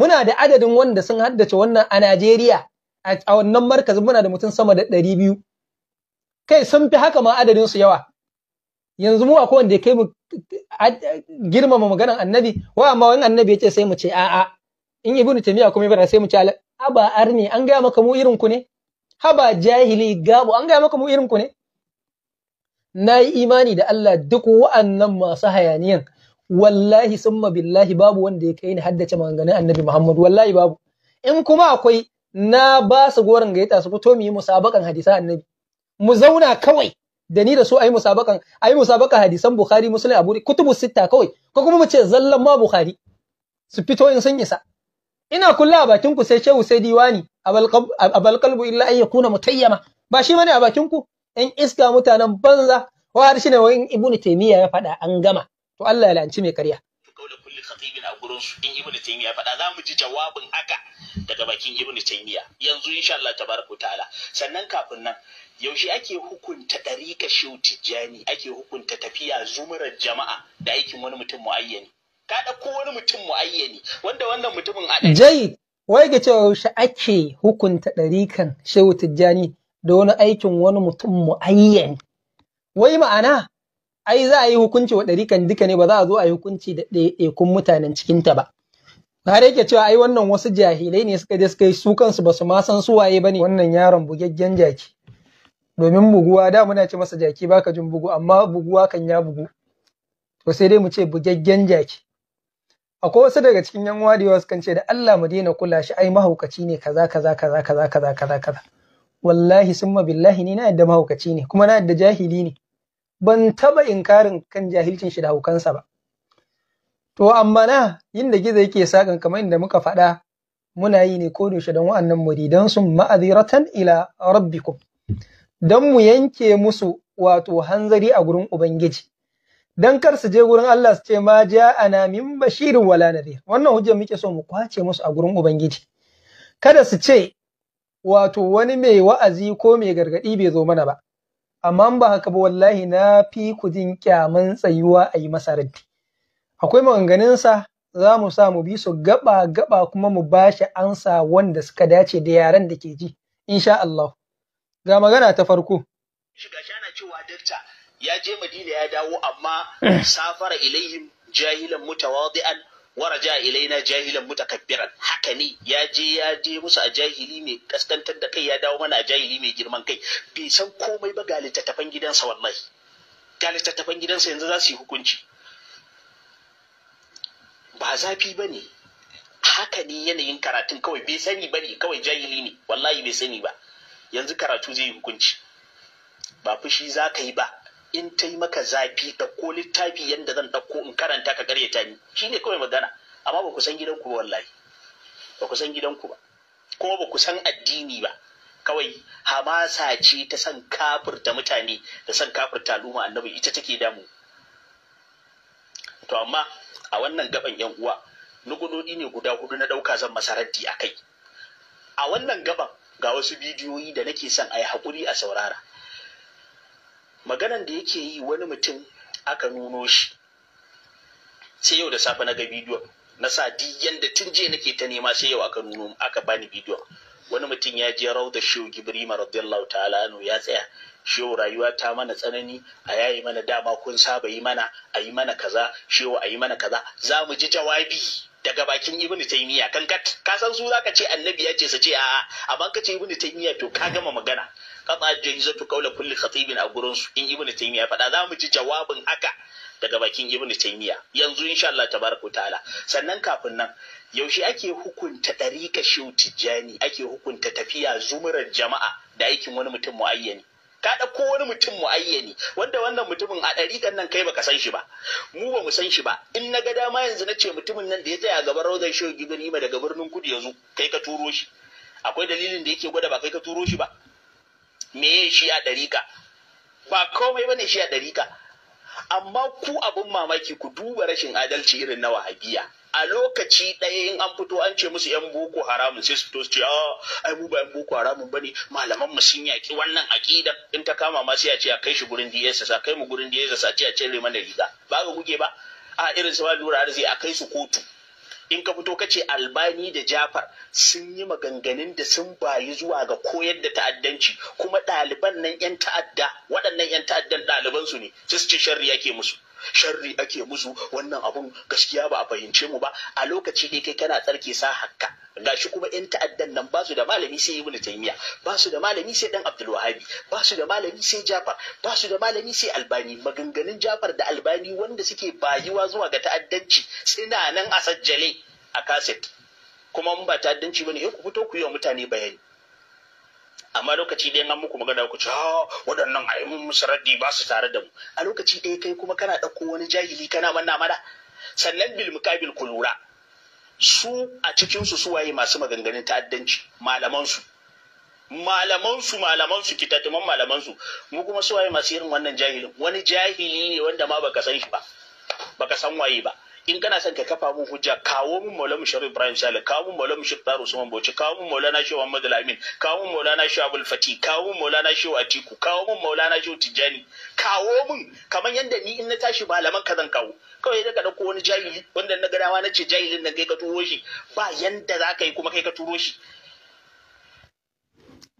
muna da adadin wanda sun haddace wannan a Najeriya a wannan markazin muna da mutum sama da ɗari biyu kai sun fi haka ma adadin su yawa yanzu mu akwai wanda ya kai mu girmama maganan annabi wa amma wani annabi ya ce sai mu ce a'a in bini taymiya kuma yabara sai mu ce haba arni an gaya maka mu irin ku ne haba jahili gabo an gaya maka mu irin ku ne na yi imani da Allah duk wa'annan masu hayaniyan wallahi summa billahi babu wanda ya kai ni haddace maganganun annabi Muhammad wallahi babu in kuma akwai na ba su goron gaita su fito mu yi musabakan hadisan annabi mu zauna kawai da ni da su ayi musabakan ayi musabakan hadisan Bukhari Muslim Abu kutubu sitta kawai ko kuma mu ce zallan ma Bukhari su fito in sun isa ina kulla a bakin ku sai Shehu sai Diwani abal qalbu illa an yakuna mutayyama ba shi bane a bakin ku in iska mutanen banza wa shi ne wa ibnu taymiya ya faɗa an gama to Allah ya lanci mai kulli khatibin a gurin su in ibnu a faɗa za mu ji jawabin haka daga bakin Ibn taymiya yanzu insha Allah tabaraka ta'ala sannan kafin nan yaushe ake hukunta ɗarika shehu tijjani ake hukunta tafiya zumurar jama'a da aikin wani mutum muayyani ka ɗauko wani mutum muayyani wanda wannan mutumin a jai wai ga cewa yaushe ake hukunta ɗarikan shehu tijjani da wani aikin wani mutum muayyani wai ma'ana ai za a yi hukunci wa ɗarikan duka ne ba za a zo a yi hukunci da ɗaya ɗaiɗaikun mutanen cikinta ba har yake cewa ai wannan wasu jahilai ne suka je suka yi su kansu ba su ma san su waye ba ne. wannan yaron bugaggen jaki domin buguwa da muna ce masa jaki baka jin bugu amma buguwa kan ya bugu to sai dai mu ce bugaggen jaki akwai wasu daga cikin yan wasu kan ce da Allah mu daina kula shi ai mahaukaci ne kaza kaza kaza kaza kaza kaza kaza wallahi summa billahi ni na yadda mahaukaci ne kuma na yadda jahili ne ban taba inkarin kan jahilcin shi da haukansa ba to amma na yinda gizo yake sakan kamar inda muka faɗa muna yi ne ko yaushe don wa'annan muridan su ma'aziratan ila rabbikum don mu yanke musu wato hanzari a gurin ubangiji dan kar su je gurin Allah su ce ma ja'ana min bashirin wala nadhir wannan hujjar muke so mu kwace musu a gurin ubangiji kada su ce wato wani mai wa'azi ko mai gargadi bai zo mana ba amma ba haka ba wallahi na fi ku jin kyaman tsayuwa a yi masa raddi akwai sa za mu sa mu bi su gaba gaba kuma mu ba shi ansa wanda suka dace da yaren da ke ji insha Allah ga magana ta farko shiga shana cewa dakta ya je Madina ya dawo amma safara ilayhim jahilan mutawadi'an waraja ilaina jahilan mutakabbiran haka ne ya je ya je musu a jahili mai kaskantar da kai ya dawo mana a jahili mai girman kai bai san komai ba ga littattafan gidansa wallahi ga gidansa yanzu za su yi hukunci ba zafi ba ne haka ne yanayin karatun kawai bai sani ba ne kawai jahili ne wallahi bai sani ba yanzu karatu zai yi hukunci ba fushi za ka yi ba in ta yi maka zafi ɗauko littafi yadda zan ɗauko in karanta ka ta ni shine kawai magana amma ba ku san gidanku ba wallahi ba ku san gidanku ba kuma ba ku san addini ba kawai hamasa ce ta san kafirta mutane da san kafirta al'umma annabi ita take damu to amma a wannan gaban yan uwa nugunodi ne guda hudu na ɗauka zan masaraddi a kai a wannan gaban ga wasu bidiyoyi da nake son a yi haƙuri a saurara maganan da yake yi wani mutum aka nuno shi sai yau da safe na ga bidiyo na sa di yanda tun jiya nake ta nema sai yau aka nuno aka bani bidiyo wani mutum ya je rauda shehu gibrima radiyallahu ta'ala anu ya tsaya shehu rayuwa ta mana tsanani a yayi mana dama kun saba yi mana a yi mana kaza shehu a yi mana kaza za mu ji jawabi daga bakin ibnu taymiya kan ka san su zaka ce annabi ya ce sace ce a'a amma ka ce ibnu taymiya to ka gama magana qata zato kaula kulli khatibin a gurin su in ibnu taymiya faɗa za mu ji jawabin haka daga bakin ibnu taymiya yanzu insha Allah tabaraka ta'ala sannan kafin nan yaushe ake hukunta Ɗarika, shi tijjani ake hukunta tafiya zumurar jama'a da aikin wani mutum muayyani ka ɗauko wani mutum muayyani wanda wannan mutumin a ɗariƙan nan kai baka san shi ba mu ba mu san shi ba in na ga dama yanzu na ce mutumin nan da ya tsaya gaban rawdar shehu gibani ma daga birnin kudu yanzu, kai ka turo shi akwai dalilin da yake gwada ba kai ka turo shi ba meye shi a ɗarika ba komai bane shi a ɗarika amma ku abin mamaki ku duba rashin adalci irin na wahabiya a lokaci ɗaya in an fito an ce musu yan boko haramun sai su to su ce a ah, ai mu ba yan boko haramun bane malaman mu sun yaki wannan aqida in ta kama ma sai a ce a kai shi gurin DSS a kai mu gurin DSS a ce a cire mana riga ba ga guge ba a irin su ba lura arziki a kai su kotu in ka fito kace albani da jafar sun yi maganganun da sun bayi zuwa ga koyar da ta'addanci kuma ɗaliban nan 'yan ta'adda waɗannan 'yan ta'addan ɗalibansu ne su ce sharri yake musu sharri ake musu wannan abun gaskiya ba a fahimce mu ba a lokaci dai kai kana tsarki sa hakka gashi kuma yan ta'addan nan basu da malami sai ibnu taymiya basu da malami sai dan abdul wahabi basu da malami sai jafar basu da malami sai albani maganganun jafar da albani wanda suke bayuwa zuwa ga ta'addanci suna nan a sajjale a kaset kuma mun ba ta'addanci bane ku fito ku yi wa mutane bayani amma lokaci ɗaya an muku magana ku ce ah, waɗannan a yi musu ba su tare da mu a lokaci ɗaya kai kuma kana ɗauko wani jahili kana manna mana sannan bil mukabil ku lura su a cikinsu suwaye masu maganganun ta'addanci malamansu malamansu malamansu kitatuman malamansu mu kuma suwaye masu irin wannan jahilin wani jahili ne wanda ma baka san shi ba baka san waye ba in kana son ka kafa mun hujja kawo mun maulana shehu ibrahim salih kawo mun maulana shehu taru usman bauchi kawo mun maulana shehu muhammad lamin kawo mun maulana shehu abul fati kawo mun maulana shehu atiku kawo mun maulana shehu tijani kawo mun kamar yadda ni in na tashi malaman kazan zan kawo kawai daga dauko wani jahili wanda na gadawa na ce jahilin nan kai ka turo shi ba yanda za ka yi kuma kai ka turo shi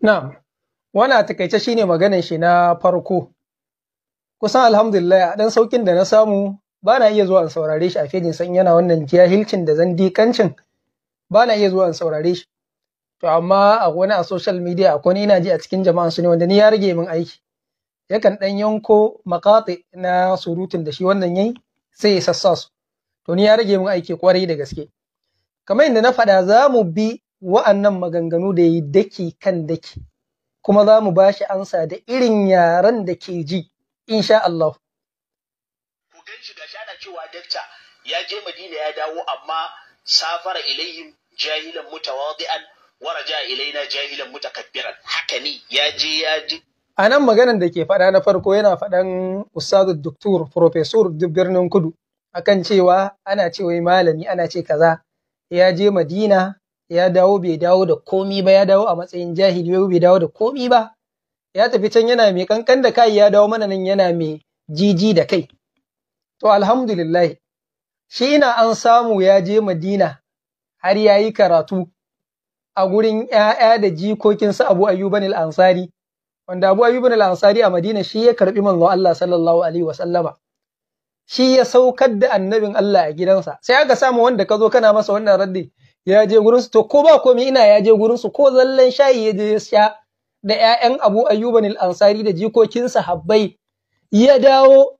na'am wani a takaice shine maganan shi na farko kusan alhamdulillah a dan saukin da na samu ba na iya zuwa in saurare shi a fejin san yana wannan jahilcin da zandikancin ba na iya zuwa in saurare shi to amma a wani a social media akwai ni ina ji a cikin jama'an su ne wanda ni ya rage min aiki yakan dan yanko makati na surutun da shi wannan yayi sai ya sassa su to ni ya rage min aiki kwarai da gaske kamar yadda na faɗa za mu bi wa'annan maganganu da yi daki kan daki kuma za mu ba shi ansa da irin yaren da ke ji insha Allah cewa dakta ya je madina ya dawo amma safara ilayhim jahilan mutawadi'an raja ilaina jahilan mutakabbiran haka ne ya je ya ji a nan maganan da ke faɗa na farko yana faɗan ustazu doktor professor birnin kudu akan cewa ana ce wai malami ana ce kaza ya je madina ya dawo bai dawo da komi ba ya dawo a matsayin jahili bai dawo da komi ba ya tafi can yana mai kankan da kai ya dawo mana nan yana mai jiji da kai To alhamdulillah, shi ina an samu ya je Madina har ya yi karatu a gurin ‘ya'ya da jikokinsa Abu Ayyuban al'ansari, wanda Abu Ayyuban al'ansari a Madina shi ya karɓi manzo Allah sallallahu Alaihi wasallama. Shi ya saukar da annabin Allah a gidansa, sai aka samu wanda ka zo kana masa wannan raddi ya je gurinsu, to ko ba komai ina ya je gurinsu ko zallan shayi ya je ya sha da ‘ya'yan Abu Ayyuban al'ansari da jikokinsa habbai ya dawo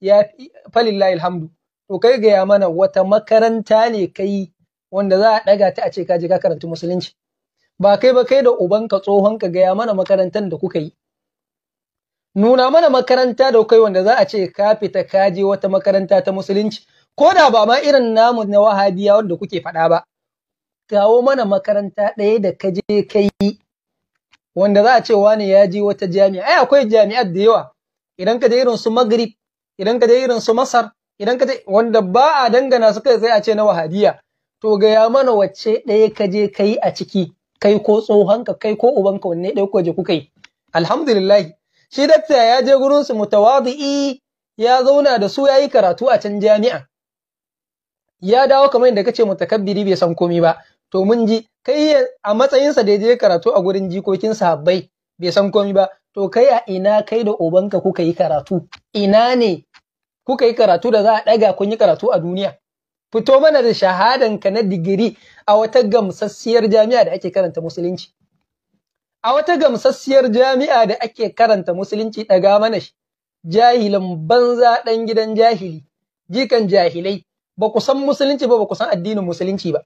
ya fi falillahi alhamdu to kai gaya mana wata makaranta ne kai wanda za a ɗaga ta a ce ka je ka karanta musulunci ba kai ba kai da ubanka ka gaya mana makarantar da kuka yi nuna mana makaranta da kai wanda za a ce ka fita ka je wata makaranta ta musulunci ko da ba ma irin namu na wahabiya wanda kuke faɗa ba kawo mana makaranta ɗaya da ka je ka yi wanda za a ce wani ya je wata jami'a ai akwai jami'ar da yawa idan ka je irin su magrib idan ka je irin su Masar idan ka je wanda ba a dangana su kai sai a ce na wahadiya to gaya mana wacce ɗaya ka je ka a ciki kai ko tsohonka kai ko ubanka wanne ɗaya ko je kuka yi alhamdulillah shi dakta ya je gurin su mutawadi'i ya zauna da su ya yi karatu a can jami'a ya dawo kamar yadda kace mutakabbiri bai san komai ba to mun ji kai a matsayinsa da ya je karatu a gurin jikokin sahabbai bai san komai ba to kai a ina kai da obanka kuka yi karatu ina ne kuka yi karatu da za a ɗaga kun yi karatu a duniya fito mana da shahadanka na digiri a wata gamsassiyar jami'a da ake karanta musulunci a wata gamsassiyar jami'a da ake karanta musulunci ɗaga mana shi jahilan banza ɗan gidan jahili jikan jahilai ba ku san musulunci ba ba ku san addinin musulunci ba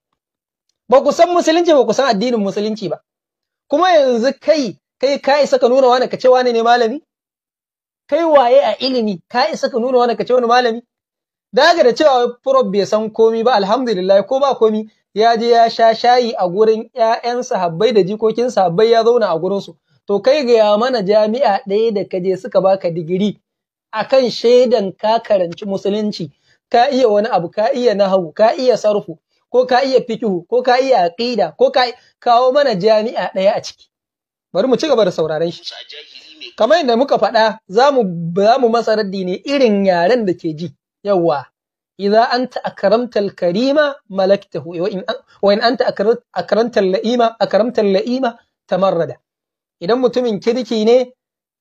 ba ku san musulunci ba ku san addinin musulunci ba kuma yanzu kai kai ka isa ka nuna wani ka ce wani ne malami kai waye a ilimi ka isa ka nuna wani ka ce wani malami daga da cewa prof bai san komi ba alhamdulillah ko ba komi ya je ya sha shayi a gurin ƴaƴan sahabbai da jikokin sahabbai ya zauna a gurin su to kai ga ya mana jami'a ɗaya da ka je suka baka digiri akan shaidan ka karanci musulunci ka iya wani abu ka iya nahawu ka iya sarfu ko ka iya fikihu ko ka iya aqida ko ka kawo mana jami'a ɗaya a ciki bari mu ci gaba da sauraron shi kamar yadda muka faɗa za mu masa raddi ne irin yaren da ke ji Yawwa. idza anta akramta karima malaktahu wa in anta laima akramta laima tamarrada idan mutumin kirki ne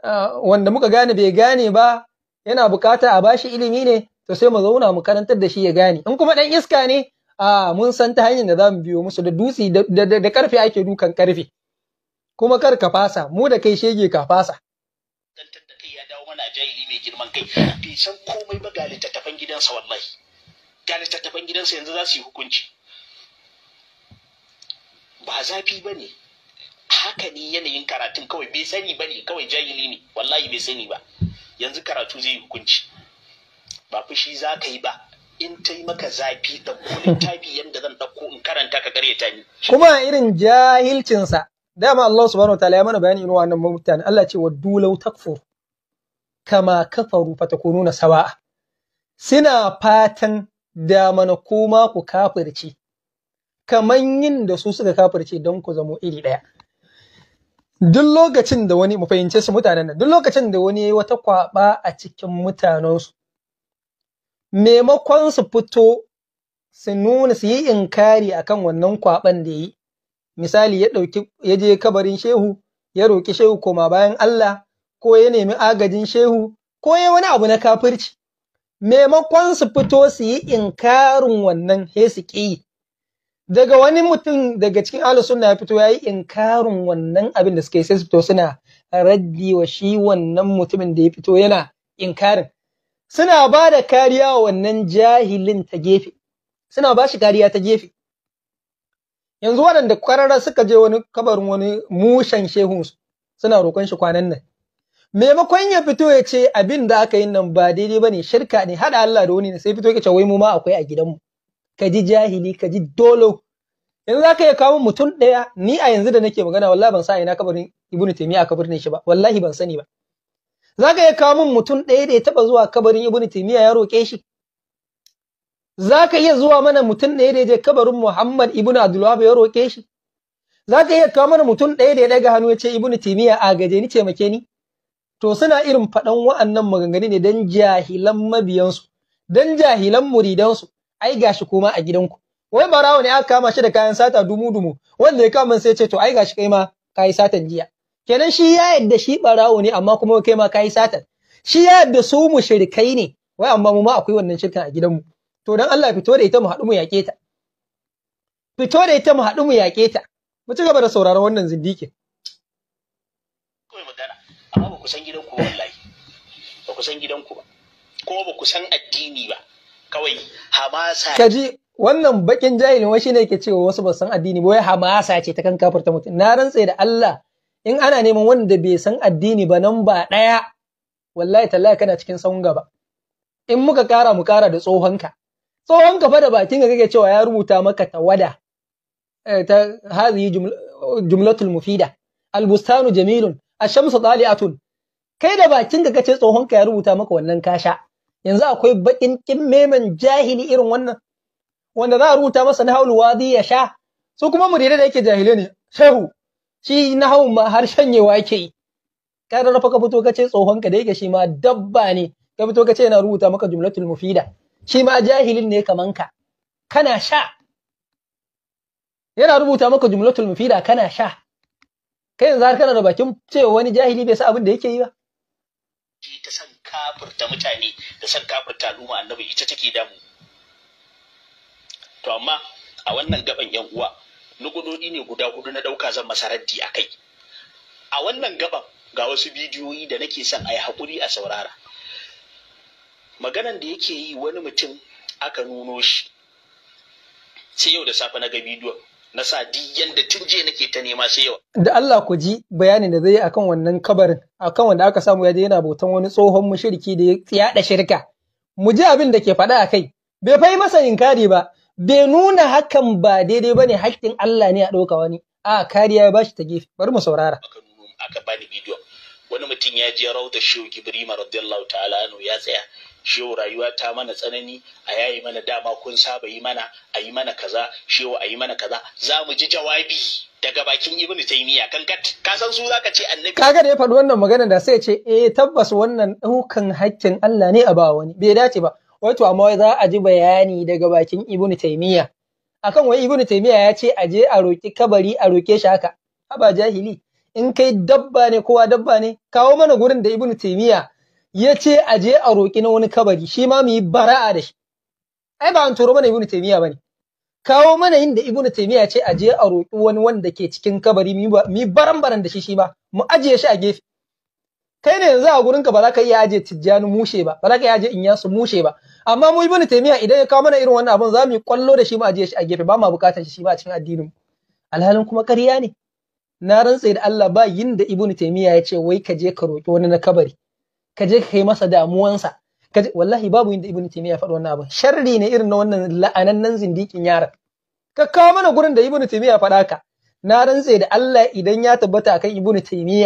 ah, wanda muka gane bai gane ba yana bukata a bashi ilimi ne to sai mu zauna mu karantar da shi ya gane in kuma dan iska ne a mun san ta hanyar da zamu biyo musu da dutsi da karfe ake dukan karfe kuma kar ka fasa mu da kai shege ka fasa jahili mai girman kai eh. bai san komai ba ga littattafan gidansa wallahi ga littattafan gidansa yanzu za su yi hukunci ba zafi ba ne haka ne yanayin karatun kawai bai sani ba ne kawai jahili ne wallahi bai sani ba yanzu karatu zai yi hukunci ba fushi za ka yi ba in ta yi maka zafi ɗauko littafi yadda zan ɗauko in karanta ka ta ni. kuma irin jahilcinsa dama Allah subhanahu wa ta'ala ya mana bayani irin wannan mutane Allah ce wa dulau takfur kama kafaru fatakununa sawa'a suna fatan da mana kuma ku kafirce kaman yin da su suka kafirce don ku zamo iri ɗaya duk lokacin da wani mu fahimce su mutanen nan duk lokacin da wani yayi wata kwaba a cikin mutanensu maimakon su fito su nuna su yi inkari akan wannan kwaban da yi misali ya ɗauki ya je kabarin shehu ya roki shehu koma bayan Allah ko ya nemi agajin shehu ko ya wani abu na kafirci maimakon su fito su yi inkarin wannan hesiki daga wani mutum daga cikin ahlus suna ya fito ya yayi inkarin wannan abin da suka yi sai su fito suna raddi wa shi wannan mutumin da ya fito yana inkarin suna ba da kariya wa wannan jahilin ta gefe suna ba shi kariya ta gefe yanzu waɗanda kwararra suka je wani kabarin wani mushen shehunsu suna roƙon shi kwanan nan maimakon ya fito ya ce abin da aka yi nan ba daidai ba ne shirka ne haɗa Allah da wani ne sai fito ya ce wai mu ma akwai a gidanmu ka ji jahili ka ji dolo yanzu za ka iya kawo mutum ɗaya ni a yanzu da nake magana wallahi ban sa ina kabarin Ibn taymiya a kabarin shi ba wallahi ban sani ba za ka iya kawo min mutum ɗaya da ya taɓa zuwa kabarin Ibn taymiya ya roƙe shi za ka iya zuwa mana mutum ɗaya da ya je kabarin muhammad ibnu abdulwahab ya roƙe shi za ka iya kawo mana mutum ɗaya da ya ɗaga hannu ya ce Ibn taymiya a gaje ni taimake ni to suna irin faɗan wa'annan maganganu ne don jahilan mabiyansu don jahilan muridansu ai gashi kuma a gidanku wai barawo ne aka kama shi da kayan sata dumu dumu wanda ya kama sai ce to ai gashi kai ma kayi satan jiya kenan shi ya yadda shi barawo ne amma kuma kai ma kayi satan shi ya yadda su mushrikai ne wai amma mu ma akwai wannan shirkan a gidanmu to dan Allah fito da ita mu haɗu mu yaƙe ta fito da ita mu haɗu mu yaƙe ta mu ci gaba da sauraron wannan zindikin amma ba ku san gidan ku wallahi ba ku san gidan ku ba ko ba ku san addini ba kawai hamasa kaji wannan bakin jahilin wai shine yake cewa wasu ba san addini ba wai hamasa ce ta kan kafirta mutum na rantse da Allah in ana neman wanda bai san addini ba nan ba daya wallahi tallahi kana cikin sahun gaba in muka kara mu kara da tsohonka tsohonka fa da bakin ka kake cewa ya rubuta maka tawada eh, ta hadhihi jumlatul mufida albustanu jamilun ashamsu dali'atun kai da bakin ka kace tsohon ka ya rubuta maka wannan kasha yanzu akwai bakin meman jahili irin wannan wanda za a rubuta masa nahawul wadi ya sha su kuma muridai da yake jahilai ne shehu shi nahawun ma har shanyewa yake yi ka rafa ka fito kace tsohon ka da yake shi ma dabba ne ka fito kace yana rubuta maka jumlatul mufida shi ma jahilin ne kaman ka kana sha yana rubuta maka jumlatul mufida kana sha kai yanzu har kana da bakin cewa wani jahili bai sa abin da yake yi ba eh, ta san kafirta mutane da san kafirta al'umma annabi ita take damu to amma a wannan gaban yan uwa nugudodi ne guda hudu na dauka zan masa raddi a kai a wannan gaban ga wasu bidiyoyi da nake son a yi haƙuri a saurara maganan da yake yi wani mutum aka nuno shi sai yau da safe na ga bidiyon na sa duk yadda tun jiya nake ta nema sai yau. Da Allah ku ji bayanin da zai yi akan wannan kabarin akan wanda aka samu ya je yana bautan wani tsohon mushriki da ya yaɗa shirka. Mu ji abin da ke faɗa a kai. Bai fai masa inkari ba. Bai nuna hakan ba daidai ba ne haƙƙin Allah ne a ɗauka wani. A kariya ya bashi ta gefe. Bari mu saurara. Aka bani bidiyon. Wani mutum ya je rauta shehu Ibrahim radiyallahu ta'ala ya tsaya. shewa rayuwa ta mana tsanani a yayi mana dama kun saba yi mana a yi mana kaza shewa a yi mana kaza za mu ji jawabi daga bakin ibn taymiya kan ka san su zaka ce annabi kaga da ya faɗi wannan magana da sai ya ce eh tabbas wannan ɗaukan hakkin Allah ne a ba wani bai dace ba wato amma za a ji bayani daga bakin ibn taymiya akan wai ibn taymiya ya ce aje a roki kabari a roke shi haka haba jahili in kai dabba ne kowa dabba ne kawo mana gurin da ibn taymiya ya ce a je a roƙi na wani kabari shi ma mu yi bara'a da shi ai ba an turo mana ibnu taymiya bane kawo mana inda ibnu taymiya ce a je a roƙi wani wanda ke cikin kabari mu yi baran-baran da shi shi ma mu ajiye shi a gefe kai ne yanzu a ka ba za ka iya aje tijjani mushe ba ba za ka iya aje inyasu mushe ba amma mu ibnu taymiya idan ya kawo mana irin wannan abun za mu yi kwallo da shi mu ajiye shi a gefe ba ma bukatar shi ma a cikin addinin mu alhalin kuma ƙarya ne na rantse da Allah ba yin da ibnu taymiya ya ce wai ka je ka roƙi wani na kabari ka je ka kai masa damuwansa ka wallahi babu inda ibnu ya faɗi wannan abin sharri ne irin na wannan la'anannan zindikin yaron ka kawo mana gurin da ibnu ya faɗa ka na rantse da Allah idan ya tabbata akan ibnu timi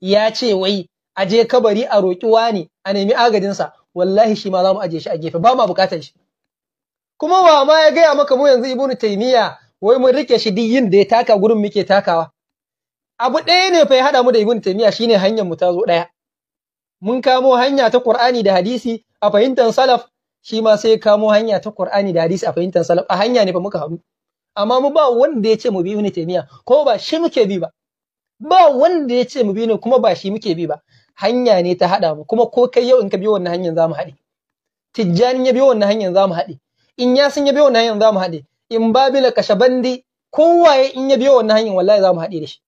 ya ce wai a je kabari a roƙi wani a nemi sa wallahi shi ma za mu aje shi a gefe ba ma buƙatar shi kuma wa ma ya gaya maka mu yanzu ibnu timi wai mun rike shi duk yin da ya taka gurin muke takawa abu ɗaya ne fa ya haɗa mu da ibnu timi shine hanyar mu ta zo ɗaya mun kamo hanya ta Qur'ani da hadisi a fahimtar salaf shi ma sai kamo hanya ta Qur'ani da hadisi a fahimtar salaf a hanya ne fa muka haɗu amma mu ba wanda ya ce mu bi Ibn Taymiyyah ko ba shi muke bi ba ba wanda ya ce mu bi ne kuma ba shi muke bi ba hanya ne ta haɗa mu kuma ko kai yau in ka bi wannan hanyar za mu haɗe tijjani ya bi wannan hanyar za mu haɗe in ya ya bi wannan hanyar za mu haɗe in babila kashabandi kowaye in ya bi wannan hanyar wallahi za mu haɗe da shi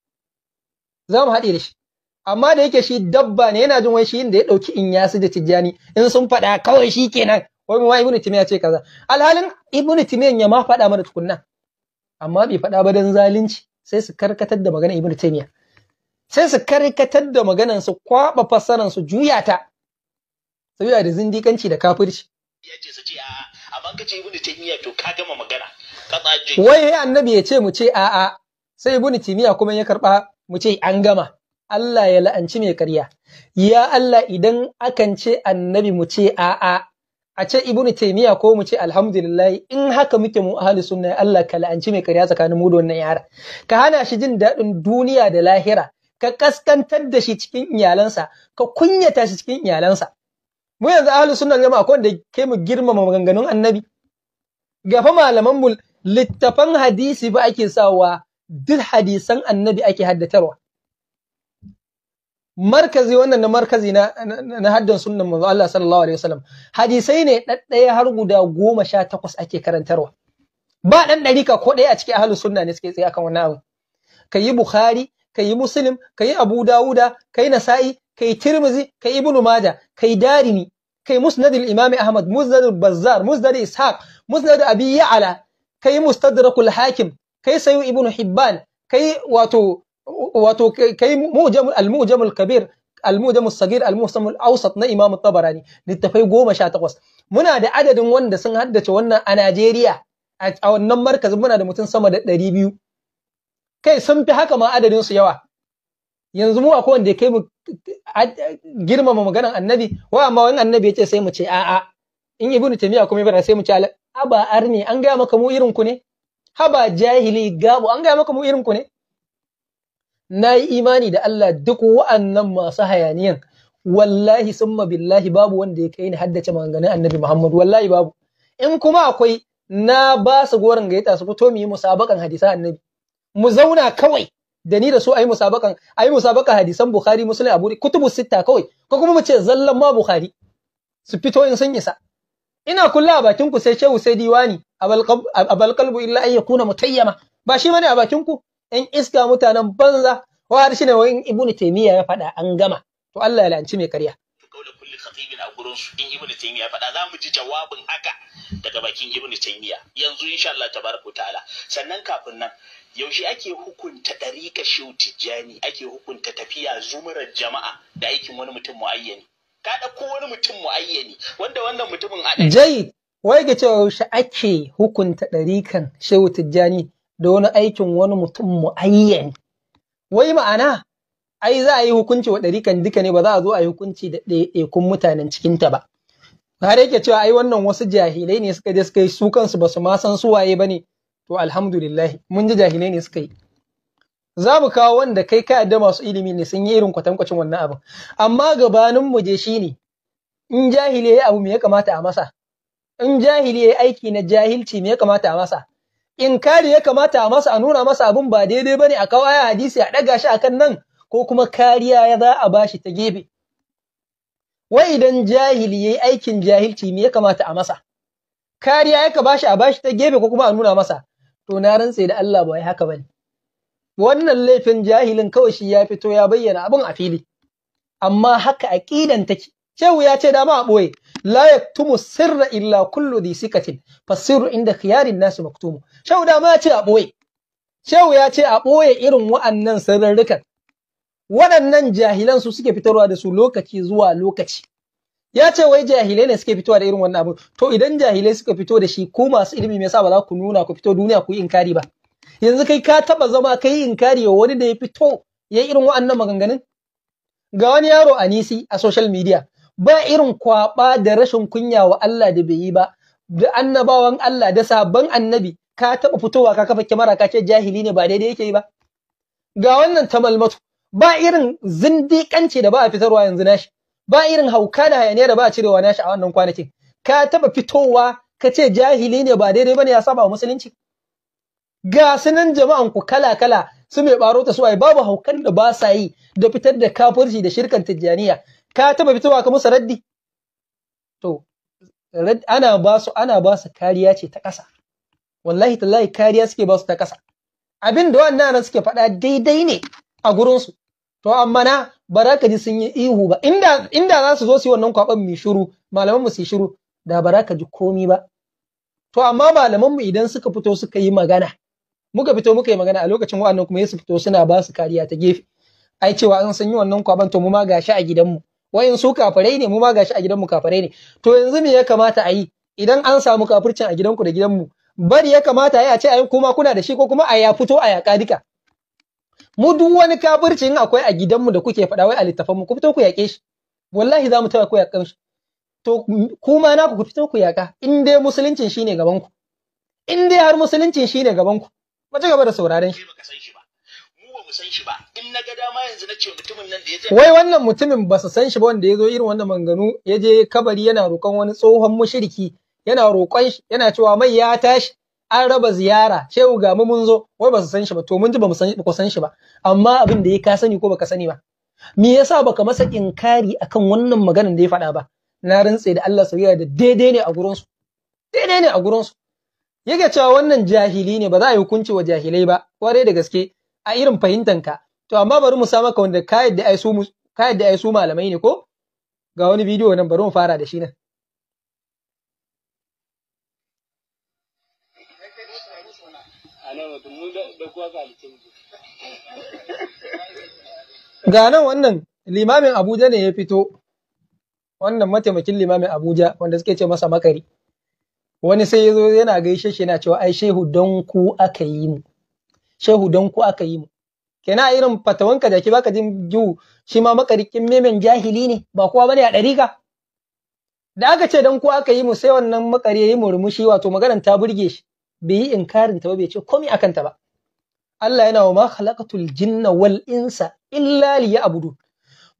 za mu haɗe da shi amma da yake shi dabba ne yana jin wai shi inda ya dauki in su da tijjani in sun faɗa kawai shi kenan wai ma ibnu timiya ce kaza alhalin ibnu timiyan ya ma faɗa mana tukunna amma bai faɗa ba dan zalunci sai su karkatar da magana ibnu timiya sai su karkatar da maganar su kwaba fassaran su juya ta saboda da zindikanci da kafirci su ce a'a ibnu to ka gama magana ka tsaje wai annabi ya ce mu ce a'a sai ibnu timiya kuma ya karba mu ce an gama Allah ya la'anci mai karya ya Allah idan akan ce annabi mu ce a'a a ce ibnu taimiya ko mu ce alhamdulillah in haka muke mu ahli sunna Allah ka la'anci mai karya tsakanin mu da wannan yara ka hana shi jin daɗin duniya da lahira ka kaskantar da shi cikin iyalansa ka kunyata shi cikin iyalansa mu yanzu ahli sunna jama'a akwai wanda ke mu girmama maganganun annabi gafa malaman mu littafan hadisi ba ake sawa duk hadisan annabi ake haddatarwa markazi wannan na markazi na na haddan sunnan manzo Allah sallallahu alaihi wasallam hadisai ne ɗanɗaya har guda goma sha takwas ake karantarwa ba ɗan ɗarika ko ɗaya a cikin ahlus sunna ne suke tsaye akan wannan abu kayi bukhari kayi muslim kayi abu dawuda yi nasa'i kayi tirmizi kayi ibnu maja yi darimi ka yi al Imami ahmad musnad bazzar musnad ishaq musnad abi ya'la kayi mustadrak al-hakim kayi sayu ibnu hibban yi wato wato kai mujamul al kabir al-mujamul sagir al-musamul awsat na Imam Tabarani littafai takwas. muna da adadin wanda sun haddace wannan a Najeriya a wannan markazin muna da mutum sama da ɗari biyu? kai sun fi haka ma adadin su yawa yanzu mu akwai wanda kai mu girmama maganar annabi wa amma wani annabi ya ce sai mu ce a'a in ibnu taymiya kuma ibra sai mu ce Haba arni an gaya maka mu irin ku ne haba jahili gabo an gaya maka mu irin ku ne na yi imani da Allah duk wa'annan masu hayaniyan wallahi summa billahi babu wanda ya kai ni haddace maganganun annabi Muhammadu. wallahi babu in kuma akwai na ba su goron gaita su fito mu yi musabakan hadisan annabi mu zauna kawai da ni da su ayi musabakan ayi musabakan hadisan Bukhari Muslim aburi kutubu sitta kawai ko kuma mu ce zallan ma Bukhari su fito in sun isa ina kulla a bakin ku sai Shehu sai Diwani abal qalbu illa an yakuna mutayyama ba shi bane a bakin ku ‘yan iska mutanen banza, wa shi ne wani ibn taimiyya ya faɗa an gama, to Allah ya lanci mai karya. Kaula kulli khatibin a gurin su in ibn taimiyya faɗa za mu ji jawabin haka daga bakin ibn taimiyya yanzu insha Allah tabaraka ta'ala sannan kafin nan yaushe ake hukunta ɗarika shehu tijjani ake hukunta tafiya zumurar jama'a da aikin wani mutum muayyani ka ɗauko wani mutum muayyani wanda wannan mutumin a jai wai ga cewa yaushe ake hukunta ɗarikan shehu tijjani da wani aikin wani mutum muayyan wai ma'ana ai za a yi hukunci wa ɗarikan duka ne ba za a zo a yi hukunci da ɗaiɗaikun mutanen cikinta ba har yake cewa ai wannan wasu jahilai ne suka je suka yi su kansu ba su ma san su waye ba ne to alhamdulillahi mun ji jahilai ne suka yi za mu kawo wanda kai ka yadda masu ilimi ne sun yi irin kwatankwacin wannan abin amma gabanin mu je ne. in jahili ya yi abu me ya kamata a masa in jahili ya yi aiki na jahilci me ya kamata a masa inkari ya kamata a masa a nuna masa abin ba daidai bane a kawo aya hadisi a daga shi akan nan ko kuma kariya ya za a bashi ta gefe wai idan jahili yayi aikin jahilci me ya kamata a masa kariya ya ka bashi a bashi ta gefe ko kuma a nuna masa to na rantse da Allah ba wai haka bane wannan laifin jahilin kawai shi ya fito ya bayyana abin a fili amma haka aqidan take shehu ya ce dama a ɓoye la sirra illa kullu dhi sikatin fasiru inda khiyarin nasu maktumu shehu da ya ce a boye shehu ya ce a boye irin wa'annan sirrarrukan waɗannan jahilan suke fitarwa da su lokaci zuwa lokaci ya ce wai jahilai ne suke fito da irin wannan abu to idan jahilai suka fito da shi ko masu ilimi me sa ba za ku nuna ku fito duniya ku yi inkari ba yanzu kai ka taɓa zama kai inkari wa wani da ya fito ya irin wa'annan maganganun ga wani yaro a nisi a social Midiya. ba irin kwaba da rashin kunya wa Allah da bai yi ba da annabawan Allah da sabon annabi ka taɓa fitowa ka kafa kyamara ka ce jahili ne ba daidai yake yi ba ga wannan tamalmatu ba irin zindiƙanci da ba a fitarwa yanzu nashi ba irin hauka da hayaniya da ba a cirewa nashi a wannan kwanakin ka taɓa fitowa ka ce jahili ne ba daidai bane ya saba musulunci ga sunan jama'an ku kala kala su mai barota ta suwaye babu haukan da ba sa yi da fitar da kafirci da shirkan tijjaniya ka taba fitowa ka musu raddi to ana ba su ana ba su kariya ce ta ƙasa wallahi tallahi kariya suke ba su ta ƙasa abin da wannan suke faɗa daidai ne a gurinsu to amma na ba ji sun yi ihu ba inda za su zo su yi wannan kwaɓan mai shiru malaman mu su yi shiru da ba ji komi ba to amma malaman mu idan suka fito suka yi magana muka fito muka yi magana a lokacin wa'annan kuma su fito suna ba su kariya ta gefe ai cewa an san yi wannan kwaɓan to mu ma gashi a gidanmu wayan su kafirai ne mu ma gashi a gidanmu kafirai ne to yanzu me ya kamata a yi idan an samu kafircin a gidanku da gidanmu bari ya kamata a yi a ce ayin kuma kuna da shi ko kuma a ya fito a yaƙa duka mu duk wani kafircin akwai a gidanmu da kuke faɗa wai a littafanmu. mu ku fito ku yaƙe shi wallahi za mu taɓa ku yaƙan shi to kuma na ku fito ku yaƙa in dai musuluncin shine gaban ku in dai har musuluncin shine gaban ku mu ci gaba da sauraron shi wai wannan mutumin ba su san shi ba wanda ya zo irin wannan manganu ya je kabari yana roƙon wani tsohon mushriki yana roƙon shi yana cewa mai ya tashi an raba ziyara shehu ga mu mun zo wai ba su san shi ba to mun ji ba mu san ba shi ba amma abin da ya ka sani ko baka sani ba me yasa baka masa inkari akan wannan maganar da ya faɗa ba na rantse da Allah Saira da daidai ne a gurin su daidai ne a gurin su yake cewa wannan jahili ne ba za a yi hukunci wa jahilai ba kwarai da gaske a irin fahimtanka to amma bari mu sa maka wanda ka yadda ai su su malamai ne ko ga wani bidiyo nan bari mu fara da shi nan ga nan wannan limamin abuja ne ya fito wannan mataimakin limamin abuja wanda suke ce masa makari wani sai ya zo yana gaishe shi yana cewa ai shehu don ku aka yi mu shehu don ku aka yi mu kena irin fatawanka da ke baka jin giwu shi ma makarikin memen jahili ne ba kowa bane a ɗari ka? da aka ce don ku aka yi mu sai wannan makari ya yi murmushi wato maganan ta burge shi bai yi inkarin ta ba bai ce komai a kanta ba Allah yana wa ma khalaqatul jinna wal insa illa budu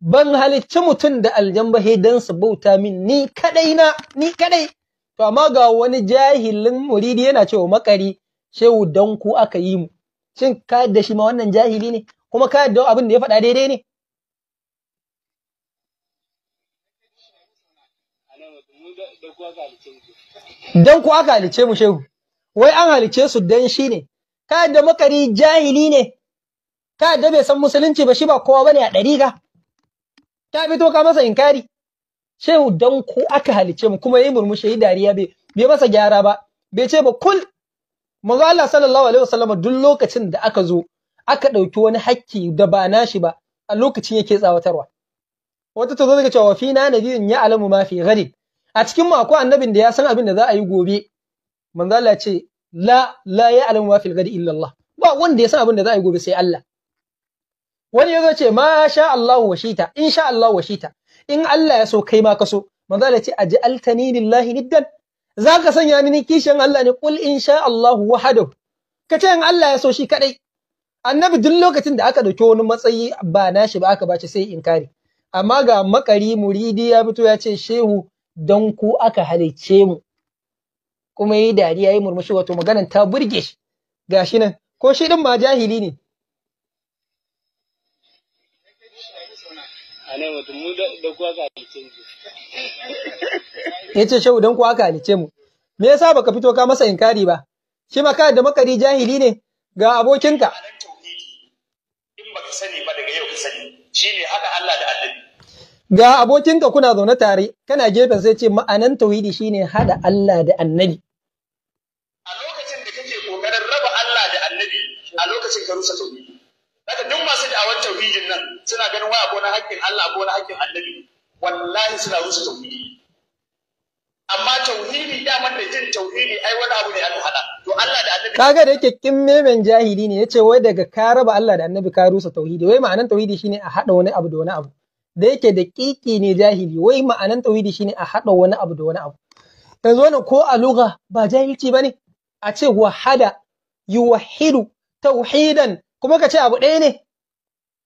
ban halicci mutum da aljan ba dan su bauta min ni kadai na ni kadai to amma ga wani jahilin muridi yana cewa makari shehu don ku aka yi mu shin ka yadda shi ma wannan jahili ne kuma ka yadda abin da ya faɗa daidai ne dan kuwa aka halice mu shehu wai an halice su dan shi ne ka yadda makari jahili ne ka yadda bai san musulunci ba shi ba kowa bane a ɗarika? ka fito ka masa inkari shehu dan ku aka halice mu kuma yayi murmushi yi dariya bai bai masa gyara ba bai ce ba kul manzo Allah sallallahu alaihi wasallam duk lokacin da aka zo aka ɗauki wani hakki da ba nashi ba a lokacin yake tsawatarwa wata ta zo daga cewa fi na nabiyin ya alamu ma fi gadi a cikin mu akwai annabin da ya san abin da za a yi gobe manzo Allah ce la la ya alamu ma fi gadi illa Allah ba wanda ya san abin da za a yi gobe sai Allah wani yazo ce ma sha Allah wa shita in sha Allah wa shita in Allah ya so kai ma ka so manzo Allah ce aj'altani lillahi niddan za ka sanya mini kishin Allah ne kul insha Allah wahdahu ka ce in Allah ya so shi kadai annabi duk lokacin da aka dauke wani matsayi ba shi ba aka bace sai inkari amma ga makari muridi ya fito ya ce shehu don ku aka halicce mu kuma yi dariya yi murmushi wato maganan ta burge shi gashi nan ko shi din ma jahili ne a nan mutum mu da ku aka halice mu Me shehu dan ku halice mu me yasa baka fito ka masa inkari ba shi ma ka da makari jahili ne ga abokinka in ka sani ba daga yau ka sani ne haka Allah da Allah. ga abokinka kuna zaune tare kana gefen sai ce ma'anan tauhidi ne hada Allah da Annabi a lokacin da kake ƙoƙarin raba Allah da Annabi a lokacin ka rusa tauhidi Haka duk masu da'awar tauhidin nan suna ganin wai abu na haƙƙin Allah ko na haƙƙin Annabi wallahi suna rusa tauhidi. Amma tauhidi daman da jin tauhidi ai wani abu ne a hada. To Allah da Annabi Kaga da yake kin memen jahili ne yace wai daga ka raba Allah da Annabi ka rusa tauhidi wai ma'anan tauhidi shine a haɗa wani abu da wani abu. Da yake da kiki ne jahili wai ma'anan tauhidi shine a haɗa wani abu da wani abu. Yanzu wannan ko a lugha ba jahilci bane a ce wahada yuwahidu tauhidan kuma ka ce abu ɗaya ne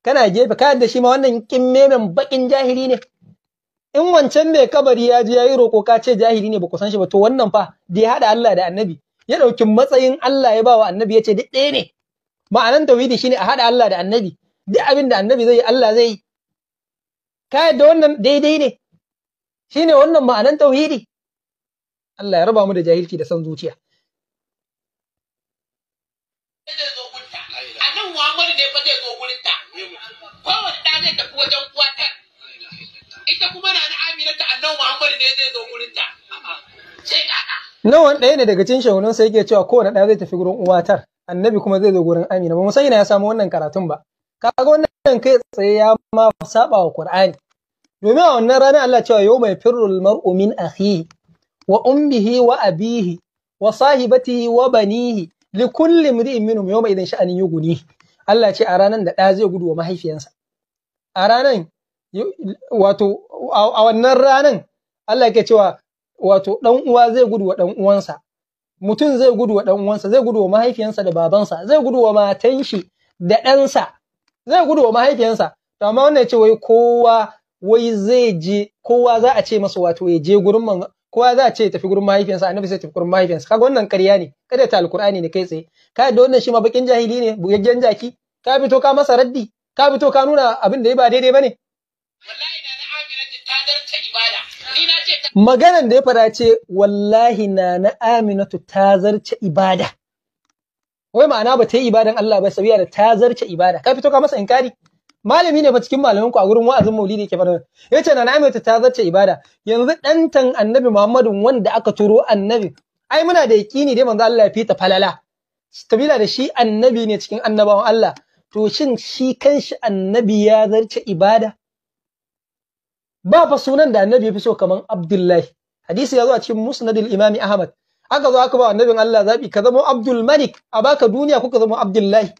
kana gefe ka da shi ma wannan kin memen bakin jahili ne in wancan mai kabari ya ji yayi roko ka ce jahili ne ku san shi ba to wannan fa da ya haɗa Allah da Annabi ya ɗauki matsayin Allah ya ba wa Annabi ya ce duk ɗaya ne ma'anan tauhidi shine a haɗa Allah da Annabi duk abin da Annabi zai yi Allah zai yi ka yadda wannan daidai ne shine wannan ma'anan tauhidi Allah ya raba mu da jahilci da san zuciya A annabi Muhammadu ne ba zai zo gurin ta kowane ɗa zai tafi wajen uwatar ita kuma na na Amina ta annabi Muhammadu ne zai zo gurin ta sai kaka nawan ɗaya ne daga cikin shahunan sai yake cewa kowane ɗaya zai tafi wurin uwatar annabi kuma zai zo wurin Amina ba mu san ina ya samu wannan karatun ba kaga wannan kai tsaye ya ma saba wa Qur'ani domin a wannan ranar Allah cewa yau mai firrul mar'u min akhihi wa ummihi wa abihi wa sahibatihi wa banihi li kulli mri'in minhum yawma idan sha'anin yughni Allah ce a ranan da ɗa zai gudu wa mahaifiyansa a ranan wato a wannan ranan Allah yake cewa wato dan uwa zai gudu wa dan uwansa mutum zai gudu wa dan uwansa zai gudu wa mahaifiyansa da babansa zai gudu wa matan shi da ɗansa zai gudu wa mahaifiyansa to amma wannan ce wai kowa wai zai je kowa za a ce masa wato ya je gurin kowa za a ce tafi gurin mahaifinsa annabi sai tafi gurin mahaifinsa kaga wannan ƙarya ne kada ta alkur'ani ne kai tsaye ka yadda wannan shi ma bakin jahili ne bugaggen jaki ka fito ka masa raddi ka fito ka nuna abin da ya ba daidai bane wallahi na na maganan da ya fara ce wallahi na na aminatu ta zarce ibada wai ma'ana ba ta yi ibadan Allah ba sabiya da ta zarce ibada ka fito ka masa inkari malami ne ba cikin malamin ku a gurin wa'azin maulidi yake fara ce na namita ta zace ibada yanzu dantan annabi Muhammadu wanda aka turo annabi ai muna da yakini dai manzo Allah ya fita falala kabila da shi annabi ne cikin annabawan Allah to shin shi kanshi annabi ya zarce ibada ba fa sunan da annabi ya fi so kamar Abdullahi hadisi ya zo a cikin musnadul imami Ahmad aka zo aka ba annabin Allah zabi ka zama Abdul Malik a baka duniya kuka zama Abdullahi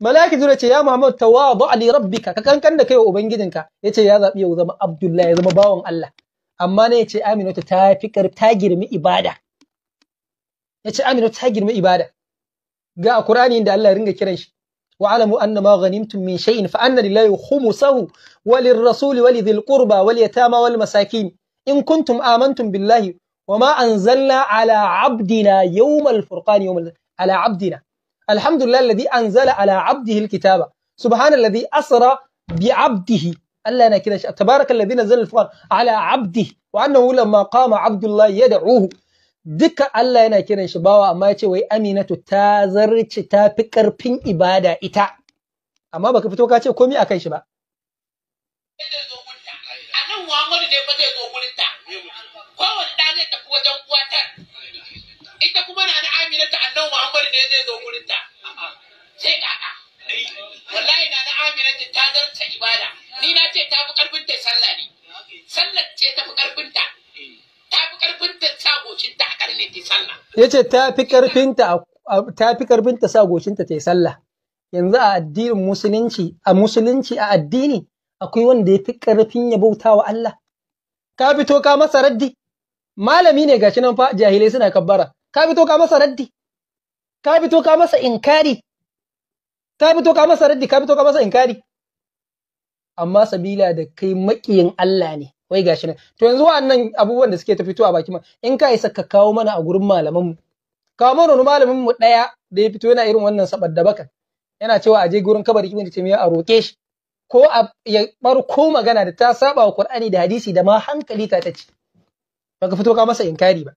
malaki zura ce ya Muhammad tawadu Ali rabbika ka kankan da kai wa ubangijinka yace ya zabi ya zama Abdullahi ya zama bawan Allah amma ne yace Aminatu ta fi ta girmi ibada yace Aminatu ta girmi ibada ga Qur'ani inda Allah ya ringa kiran shi واعلموا أن ما غنمتم من شيء فأن لله خمسه وللرسول ولذي القربى واليتامى والمساكين إن كنتم آمنتم بالله وما أنزلنا على عبدنا يوم الفرقان يوم على عبدنا alhamdulillah alladhi anzala ala abdihi alkitaba subhanalladhi asra bi abdihi Allah yana kira shi tabarakallazi nazzala ala abdihi wa annahu lamma qama abdullahi yad'uhu duka Allah yana kiran shi bawa amma ya wai aminatu ta zarce ta fi karfin ibada ita amma baka fito ka ce komai akan shi ba Annabi Muhammadu ne fa zai zo gurin ta kowanne zai tafi wajen ita kuma na na amina ta annabi muhammadu ne zai zo wurin ta sai kaka wallahi na na amina ta ta ibada ni na ce ta fi karfin ta sallah ne sallar ce ta fi karfin ta ta fi karfin ta sa ta a karne ta sallah yace ta fi karfin ta ta fi karfin ta sa goshin ta ta yi sallah yanzu a addinin musulunci a musulunci a addini akwai wanda ya fi karfin ya bauta wa Allah ka fito ka masa raddi malami ne gashi nan fa jahilai suna kabbara ka fito ka masa raddi ka fito ka masa inkari ka fito ka masa raddi ka fito ka masa inkari amma sabila da kai makiyin Allah ne wai gashi nan to yanzu wa'annan abubuwan da suke ta fito a baki ma in ka isa ka kawo mana a gurin malaman mu kawo mana wani malamin mu daya da ya fito yana irin wannan sabar da baka yana cewa aje gurin kabari ce me a roke shi ko a ya barko magana da ta saba wa qur'ani da hadisi da ma hankali ta tace baka fito ka masa inkari ba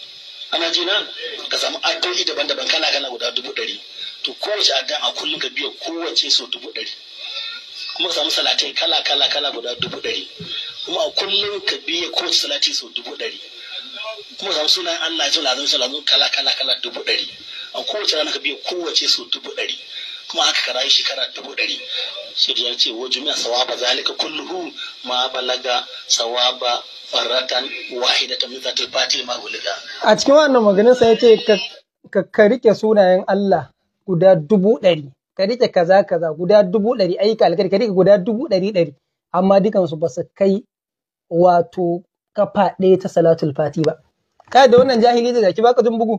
ana je nan ka samu addu'o'i daban-daban kana gana guda dubu ɗari to kowace addu'a a kullum ka biya kowace sau dubu ɗari kuma ka samu salatai kala kala kala guda dubu ɗari kuma a kullum ka biya kowace salati sau dubu ɗari kuma ka samu sunan Allah ya tuna zama kala kala kala dubu ɗari a kowace rana ka biya kowace sau dubu ɗari kuma aka karayi shekara dubu ɗari shirya ya ce wajen mai sawaba zalika kulluhu ma balaga sawaba faratan ta min ta fatil ma wulida a cikin wannan maganin sa yace ka ka rike sunayen Allah guda dubu ɗari ka rike kaza kaza guda dubu ɗari ayyuka alkhairi ka rike guda dubu ɗari ɗari amma dukansu ba su kai wato kafa ɗaya ta salatul fati ba Ka da wannan jahili da zaki baka jin bugu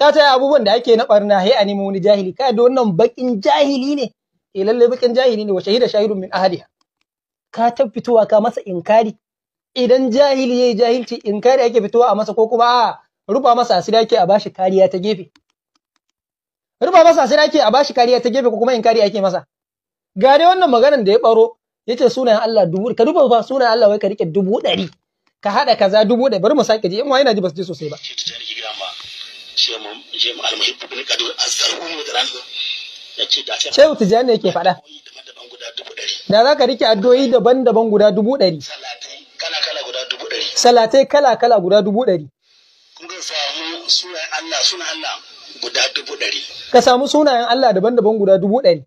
ka ta abubuwan da ake na barna hai a nemi wani jahili Ka da wannan bakin jahili ne eh lalle bakin jahili ne wa shahida shahidun min ahadiha ka ta fitowa ka masa inkari idan jahili yayi jahilci in kare yake fitowa a masa ko kuma a rufa masa asiri yake a bashi kariya ta gefe rufa masa asiri yake a bashi kariya ta gefe ko kuma in kare yake masa ga dai wannan maganar da ya baro yace sunayen Allah dubu ka duba fa sunayen Allah wai ka rike dubu ɗari ka haɗa kaza dubu ɗari bari mu sake ji in wa yana ji basu ji sosai ba Shehu Tijjani yake faɗa. Da za ka rike addu'o'i daban-daban guda dubu ɗari. salatai kala-kala guda dubu ɗari. Kuka samu sunayen Allah suna Allah guda dubu ɗari. Ka samu sunayen Allah daban-daban guda dubu ɗari.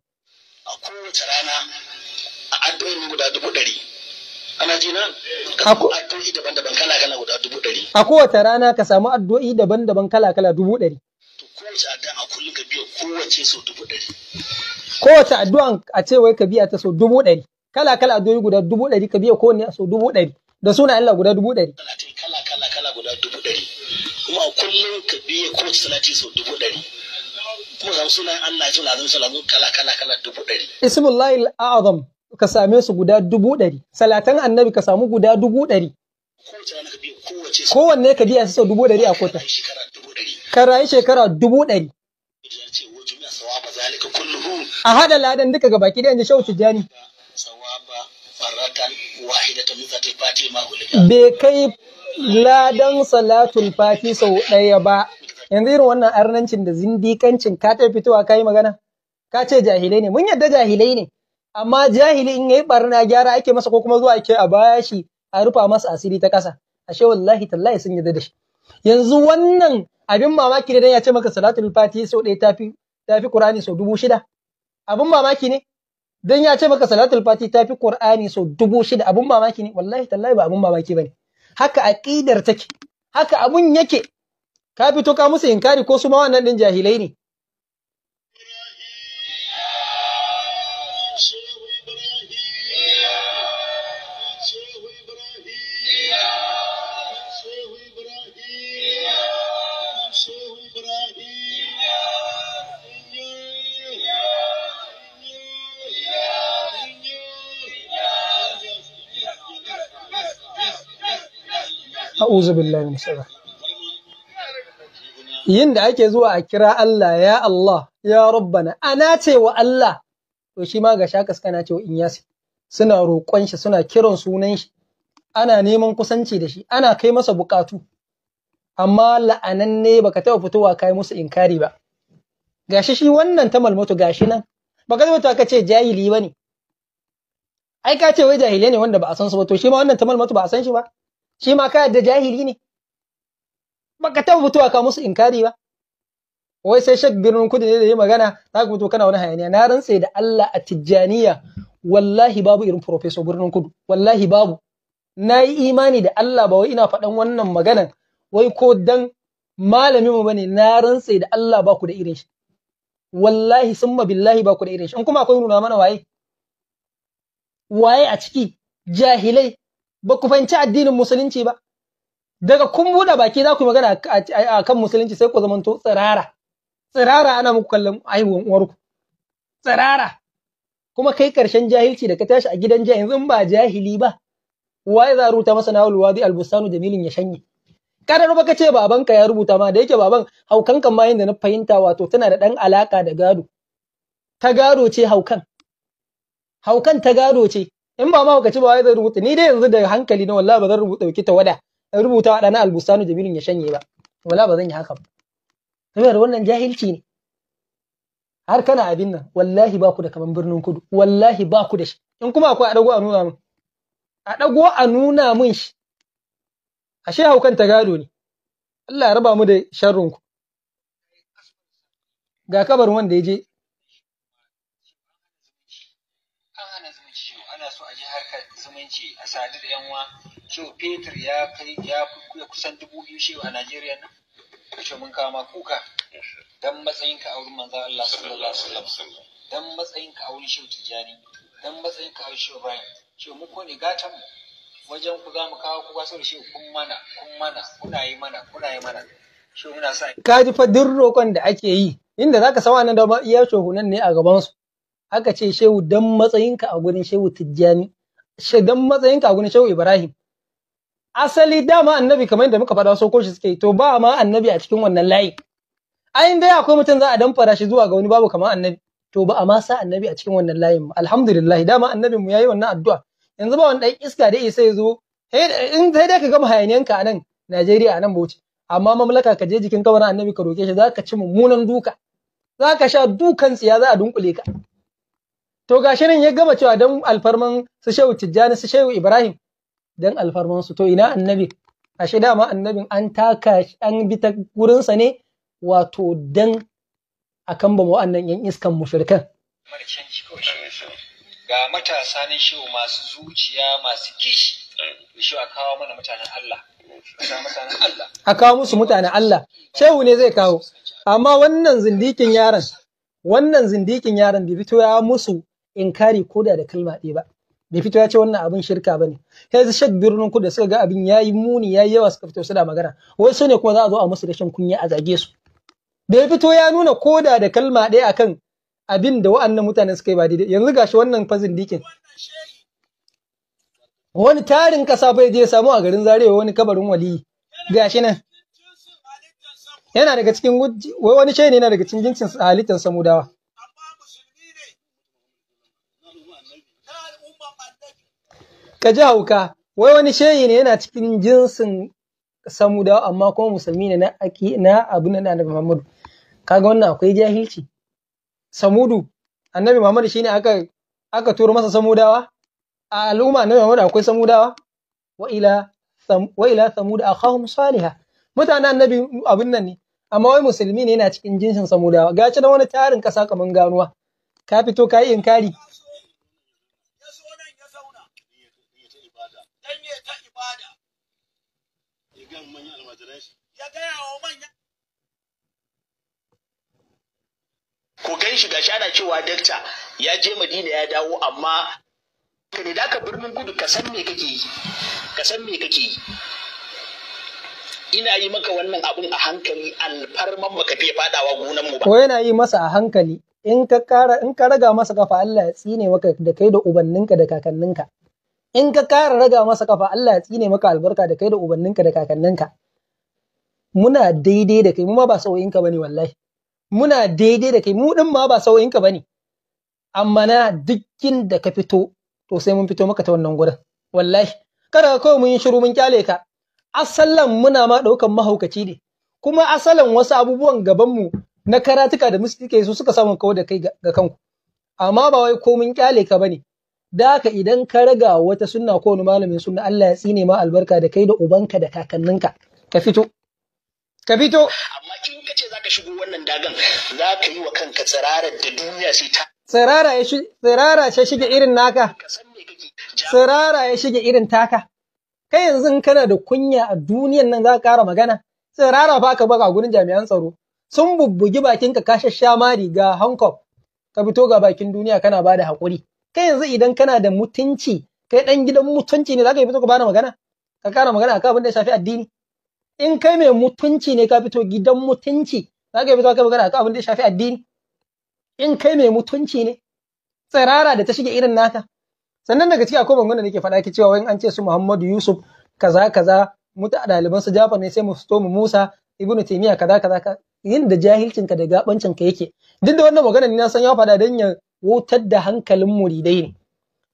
A kowace rana a addu'o'in guda dubu ɗari. Ana ji Ka samu addu'o'i daban-daban kala-kala guda dubu ɗari. A kowace rana ka samu addu'o'i daban-daban kala-kala dubu ɗari. To kowace addu'a a kullum ka biya kowace sau dubu ɗari. Kowace addu'a a ce wai ka biya ta sau dubu ɗari. Kala-kala addu'o'i guda dubu ɗari ka biya kowanne a sau dubu ɗari. da suna Allah guda dubu ɗari. Kala kala kala guda dubu ɗari kuma kullum ka biye kowace salati sau dubu ɗari. Kuma ga sunan Allah sun azam salamun kala kala kala dubu ɗari. Ismullahi al'azam ka same su guda dubu ɗari. Salatan annabi ka samu guda dubu ɗari. Kowanne ka biya sau dubu ɗari a kota. Ka rayu shekara dubu ɗari. A haɗa ladan duka gabaki ɗaya ji shau tijjani. Sawaba faratan wahidatan bai kai ladan salatul fati sau ɗaya ba yanzu irin wannan arnancin da zindikancin ka ta fitowa ka yi magana ka ce jahilai ne mun yadda jahilai ne amma jahili in ya yi barna gyara ake masa ko kuma zuwa ke, a baya shi a rufa masa asiri ta ƙasa ashe wallahi tallahi sun yadda da shi yanzu wannan abin mamaki ne dan ya ce maka salatul fati sau ɗaya tafi kur'ani sau dubu shida abin mamaki ne dan ya ce maka salatul fati ta fi qur'ani sau dubu shida abun mamaki ne wallahi tallahi ba abun mamaki bane haka aqidar take haka abun yake ka fito ka musu inkari ko su ma wannan din jahilai ne a'udhu billahi min yin da ake zuwa a kira Allah ya Allah ya rabbana ana ce wa Allah to shi ma ga shakas kana ce wa yasi, suna roƙon shi suna kiran sunan shi ana neman kusanci da shi ana kai masa bukatu amma la'ananne baka taɓa fitowa kai musu inkari ba gashi shi wannan ta malmutu gashi nan baka taɓa ka ce jahili bane ai ka ce wai jahili ne wanda ba a san su ba to shi ma wannan ta malmutu ba a san shi ba shi ma ka yadda jahili ne baka taba fitowa ka musu inkari ba wai sai shek birnin kudu ne da yi magana za ka fito kana wani hayaniya na rantse da Allah a tijjaniya wallahi babu irin professor birnin kudu wallahi babu na yi imani da Allah ba wai ina faɗan wannan maganan wai ko dan malami mu bane na rantse da Allah ba ku da irin shi wallahi summa billahi ba ku da irin shi in kuma akwai nuna mana waye waye a ciki jahilai ba ku fahimci addinin musulunci ba daga kun buɗe baki za ku yi magana a kan musulunci sai ku zamanto tsirara tsirara ana muku kallon haihuwan uwarku tsirara kuma kai karshen jahilci da ka tashi a gidan jahil in ba jahili ba waye za rubuta masa nawul wadi albustanu jamilin ya shanye kada ba ka ce babanka ya rubuta ma da yake baban haukan kan ma da na fahimta wato tana da dan alaka da gado ta gado ce haukan haukan ta gado ce in ba ma ci ba wai zan rubuta ni dai yanzu da hankali na wallahi ba zan rubuta ta wada in rubuta wa dana albusanu jamilun ya shanye ba wallahi ba zan yi haka ba saboda wannan jahilci ne har kana abin nan wallahi ba ku da kaman birnin kudu wallahi ba ku da shi in kuma akwai a a nuna min adago a nuna min shi ashe haukan ta gado ne Allah ya raba mu da sharrunku. ga kabarin wanda ya je ce a sadu da yanwa so fetur ya kai ya kusan dubu biyu shi a najeriya nan kace mun kama kuka dan matsayin ka wurin manzo Allah sallallahu alaihi wasallam dan matsayin ka wurin shehu tijani dan matsayin ka auren shehu ibrahim ce mu ko ne gatan mu wajen ku za mu kawo ku ba saboda shehu kun mana kun mana kuna yi mana kuna yi mana shehu muna sa ka ji fa duk roƙon da ake yi inda zaka san wannan da iya shehu nan ne a gaban su aka ce shehu dan matsayinka a gurin shehu tijjani shaidan matsayin ka gurin shehu ibrahim asali dama annabi kamar yadda muka faɗa soko shi suke to ba ma annabi a cikin wannan layi ayin dai akwai mutum za a damfara shi zuwa ga wani babu kamar annabi to ba a ma sa annabi a cikin wannan layin alhamdulillah dama annabin mu yayi wannan addu'a yanzu ba wani iska da isa ya zo in sai dai ka gama ka a nan Najeriya a nan Bauchi amma mamlaka ka je jikin kawana annabi ka roke shi za ka ci mummunan duka za ka sha dukan tsiya za a dunkule ka to gashi nan ya gama cewa don alfarman su shehu tijjani su shehu ibrahim don alfarman su to ina annabi ashe dama annabin an taka an bi ta gurinsa ne wato dan kan ba wa'annan yan iskan mushrikan ga matasa ne shehu masu zuciya masu kishi shi a kawo mana mutanen Allah a kawo musu mutanen Allah shehu ne zai kawo amma wannan zindikin yaron wannan zindikin yaron bibito fito ya musu inkari ko da da kalma ɗaya ba bai fito ya ce wannan abin shirka ba ne. su shek birnin kudu suka ga abin ya yi muni ya yi yawa suka fito su da magana wai su ne kuma za a zo a musu rashin kunya a zage su bai fito ya nuna ko da da kalma ɗaya akan abin da wa'annan mutanen suka yi ba daidai yanzu gashi wannan fazin dikin wani tarin kasa bai je samu a garin zarewa wani kabarin waliyi gashi nan yana daga cikin wani shayi yana daga cikin jinsin halittar samudawa ka ji hauka wai wani shehi ne yana cikin jinsin samudawa amma kuma musulmi ne na aki na abu na annabi Muhammadu kaga wannan akwai jahilci samudu annabi Muhammadu shine aka aka turo masa samudawa a al'umma annabi Muhammadu akwai samudawa wa ila wa ila samud akhahum salihah mutanen annabi abin nan ne amma wai musulmi ne yana cikin jinsin samudawa Gace da wani tarin kasa kaman ganuwa ka fito ka yi inkari ko gan shi gashi ana cewa dakta ya je madina ya dawo amma ka ne da birnin gudu ka san me kake yi ka san me kake yi ina yi maka wannan abun a hankali alfarman baka fiye fadawa gunan mu ba ko yana yi masa a hankali in ka kara in ka raga masa kafa Allah ya tsine maka da kai da ubanninka da kakanninka in ka kara raga masa kafa Allah ya tsine maka albarka da kai da ubanninka da kakanninka muna daidai da kai mu ma ba sauyinka bane wallahi muna daidai da kai mu din ma ba sauyinka bane amma na dukkin da ka fito to sai mun fito maka ta wannan gurin wallahi kada ka kawai mun yi shiru mun kyale ka asalan muna ma daukan mahaukaci ne kuma asalan wasu abubuwan gaban mu na karatuka da mustike su suka samu kawo da kai ga kanku amma ba wai ko mun kyale ka bane da haka idan ka raga wata sunna ko wani malamin sunna Allah ya tsine ma albarka da kai da ubanka da kakanninka ka fito ka fito amma in ka ce ka shigo wannan dagan ka yi wa kanka tsirara da duniya sai ta tsirara ya shi tsirara ya shige irin naka tsirara ya shige irin taka kai yanzu in kana da kunya a duniyan nan za ka ƙara magana tsirara fa ka baka gurin jami'an tsaro sun bubbugi bakinka ka shasha mari ga Kong. ka fito ga bakin duniya kana bada haƙuri kai yanzu idan kana da mutunci kai dan gidan mutunci ne ka yi fito ka bada magana ka kara magana akan abin da ya shafi addini in kai mai mutunci ne ka fito gidan mutunci za ka fito kai magana akan abin da ya shafi addini in kai mai mutunci ne tsirara da ta shige irin naka sannan daga ciki akwai bangon da nake faɗa ki cewa wai an ce su Muhammadu Yusuf kaza kaza muta ɗaliban su Jafar ne sai mu fito mu Musa Ibn Taymiyyah kaza kaza ka yin da jahilcin ka da gabancin ka yake duk da wannan magana ni na san ya faɗa dan ya wutar da hankalin muridai ne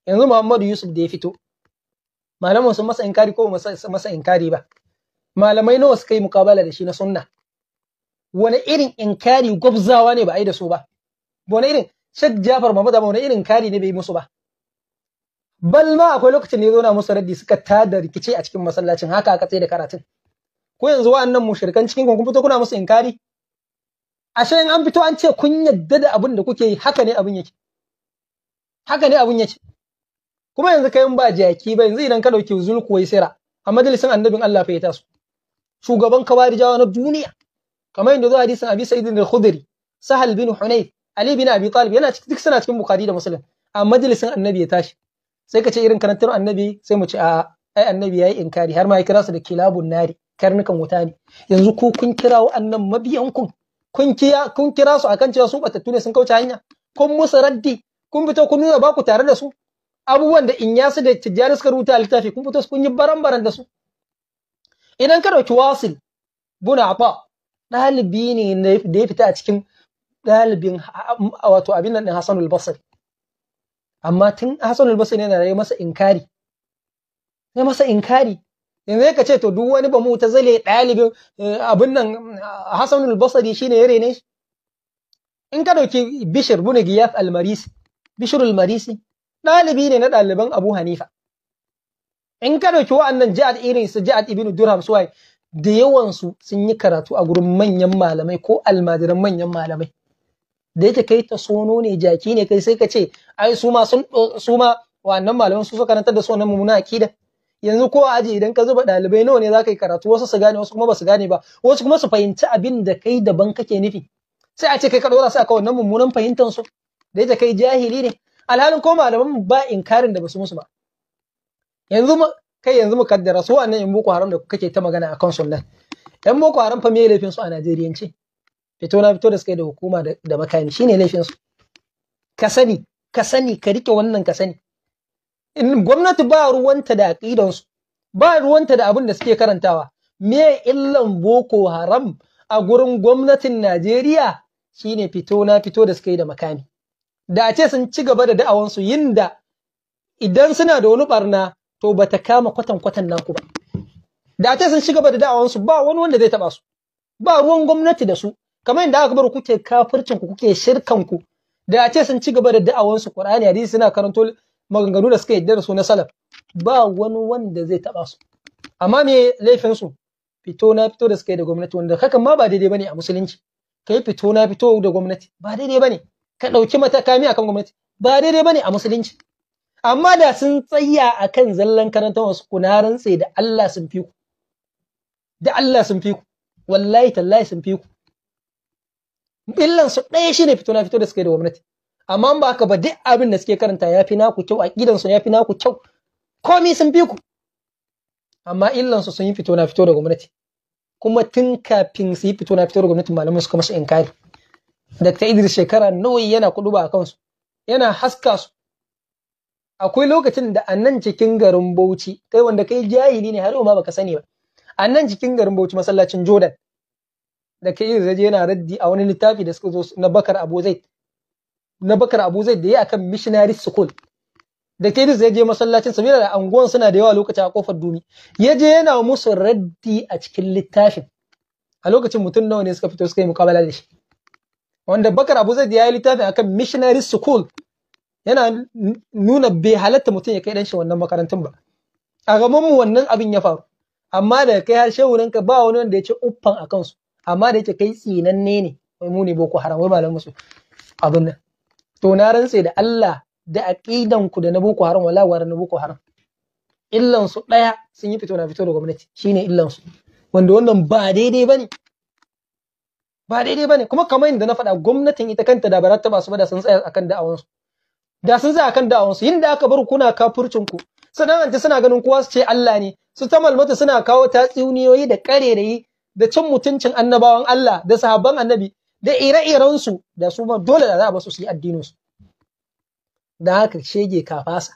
yanzu Muhammadu Yusuf da ya fito malamin sun masa inkari ko masa inkari ba malamai nawa suka yi mukabala da shi na sunna wani irin inkari gwabzawa ne ba a yi da su ba wani irin shek jafar mahmud ba wani irin kari ne bai yi musu ba bal ma akwai lokacin da ya zauna musu raddi suka tada rikice a cikin masallacin haka aka tsaye da karatun ko yanzu wa'annan mushrikan cikin kun fito kuna musu inkari ashe in an fito an ce kun yadda da abin da kuke yi haka ne abin yake haka ne abin yake kuma yanzu kai in ba jaki ba yanzu idan ka dauki zulku wai sira a majalisin annabin Allah fa ya taso shugaban kawarijawa na duniya kamar yadda zuwa hadisin abi sa'id da khudri sahal bin hunayf ali bin abi talib yana duk suna cikin bukhari da muslim a majalisin annabi ya tashi sai ka ce irin karantar annabi sai mu ce a ai annabi yayi inkari har ma ya kira su da kilabun nari karnukan wuta ne yanzu ku kun kira wa'annan mabiyan kun kun kiya kun kira su akan cewa su batattu ne sun kauce hanya kun musu raddi kun fito kun nuna ba ku tare da su abubuwan da in yasu da tijjani suka rubuta littafi kun fito kun yi baran-baran da su idan ka ɗauki wasil buna afa ɗalibi ne da ya fita a cikin ɗalibin wato abin nan ɗin Hassanul Basri amma tun Hassanul Basri yana da masa inkari ya masa inkari yanzu ka ce to duk wani ba mu ta zale ɗalibin eh, abin nan eh, Hassanul Basri shine ya rene shi in ka ɗauki Bishir buna Giyaf Almarisi, Bishir Almarisi ɗalibi ne na ɗaliban Abu Hanifa in ka dauki wa'annan jihar irin su jihar ibnu durham suwai da yawansu sun yi karatu a gurin manyan malamai ko almajiran manyan malamai da yake kai ta sono ne jaki ne kai sai ka ce ai su ma sun su ma wa'annan malaman su suka karantar da su wannan mummuna akida yanzu ko aji idan ka zuba ɗalibai nawa ne za ka yi karatu wasu su gane wasu kuma ba su gane ba wasu kuma su fahimci abin da kai daban kake nufi sai a ce kai ka dora su akan wannan mummunan fahimtar da yake kai jahili ne alhalin ko malaman ba inkarin da basu musu ba yanzu kai yanzu mu kaddara su wannan in boko haram da kake ta magana akan su nan yan boko haram fa me laifin su a Najeriyance fito na fito da suka da hukuma da makami shine laifin su ka sani ka sani ka rike wannan ka sani in gwamnati ba ruwanta da aqidan su ba ruwanta da abin da suke karantawa me illan boko haram a gurin gwamnatin Najeriya shine fito na fito da suka da makami da a ce sun ci gaba da da'awansu yin idan suna da wani barna to bata kama kwatan kwatan ku ba da ta sun shiga da da'awansu ba wani wanda zai taba su ba ruwan gwamnati da su kamar yadda aka bar kuke kafircin ku kuke shirkan ku da ce sun ci gaba da da'awansu Qur'ani hadisi suna karanto maganganu da suka yadda da su na salaf ba wani wanda zai taba su amma me laifin su fito na fito da suka yi da gwamnati wanda hakan ma ba daidai bane a musulunci kai fito na fito da gwamnati ba daidai bane ka dauki matakami akan gwamnati ba daidai bane a musulunci amma da sun tsaya a kan zallan karanta wasu kuna rantse da Allah sun fi ku da Allah sun fi ku wallahi tallahi sun fi ku billan su ɗaya shine fito na fito da suka yi da gwamnati amma ba ka ba duk abin da suke karanta ya fi naku kyau a su ya fi naku kyau komi sun fi ku amma illan su sun yi fito na fito da gwamnati kuma tun kafin su yi fito na fito da gwamnati malamai suka masu su inkari Dr. Idris shekara nawa yana kuɗu ba a kansu yana haska su akwai lokacin da a nan cikin garin Bauchi kai wanda kai jahili ne har yau ma baka sani ba a nan cikin garin Bauchi masallacin Jordan da kai je yana raddi a wani littafi da suka zo na Bakar Abu Zaid na Bakar Abu Zaid da ya akan missionary school da kai yanzu je masallacin samira da anguwan suna da yawa lokacin a kofar dumi ya je yana musu raddi a cikin littafin a lokacin mutum nawa ne suka fito suka yi mukabala da shi wanda Bakar Abu Zaid ya yi littafin akan missionary school yana nuna bai halatta mutum ya kai dan shi wannan makarantun ba a gaban mu wannan abin ya faru amma da kai har shehunan ka ba wani wanda ya ce uffan a kansu amma da yake kai tsinanne ne wai mu ne boko haram wai malamin musu abin nan to na rantse da Allah da aqidan ku da na boko haram wala war na boko haram illan su daya sun yi fito na fito da gwamnati shine illan su wanda wannan ba daidai bane ba daidai bane kuma kamar yadda na faɗa gwamnatin ita kanta da ba ta ba su ba da sun tsaya akan da'awansu da sun a kan da'awansu su, yinda aka bar kuna kafircin ku sana'anta suna ganin kowa su ce Allah ne su ta malmata suna kawo tatsuniyoyi da karerayi da cin mutuncin annabawan Allah da sahabban annabi da ire-iren su da su ma dole da za a basu su yi addinin su da haka shege kafasa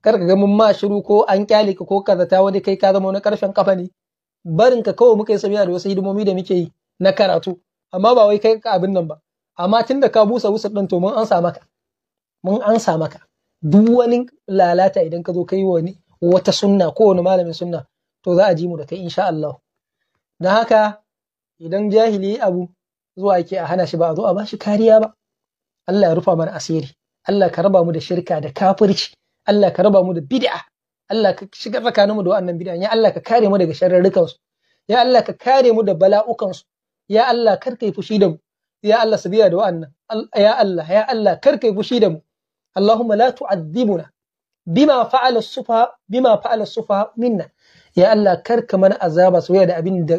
kar ka ga mun ma shiru ko an kyale ka ko kaza ta wani kai ka zama wani karfen kafa ne barin ka kawai muka yi samiya da wasu hidimomi da muke yi na karatu amma ba wai kai ka abin nan ba amma tunda ka busa wusa ɗin to mun an sa maka mun ansa maka duk wani lalata idan ka zo kai wani wata sunna ko wani malamin sunna to za a ji mu da kai insha Allah don haka idan jahili abu zuwa yake a hana shi ba a zo a ba shi kariya ba Allah ya rufa mana asiri Allah ka raba mu da shirka da kafirci Allah ka raba mu da bid'a Allah ka shigar tsakanin mu da wannan bid'a ya Allah ka kare mu daga sharrarrukan su ya Allah ka kare mu da bala'ukan su ya Allah kar kai fushi da mu ya Allah sabiya da wannan. ya Allah ya Allah kar kai fushi da mu Allahumma la tu'adhibuna bima fa'ala sufa bima fa'ala sufa minna ya Allah kar ka mana azaba soyayya da abin da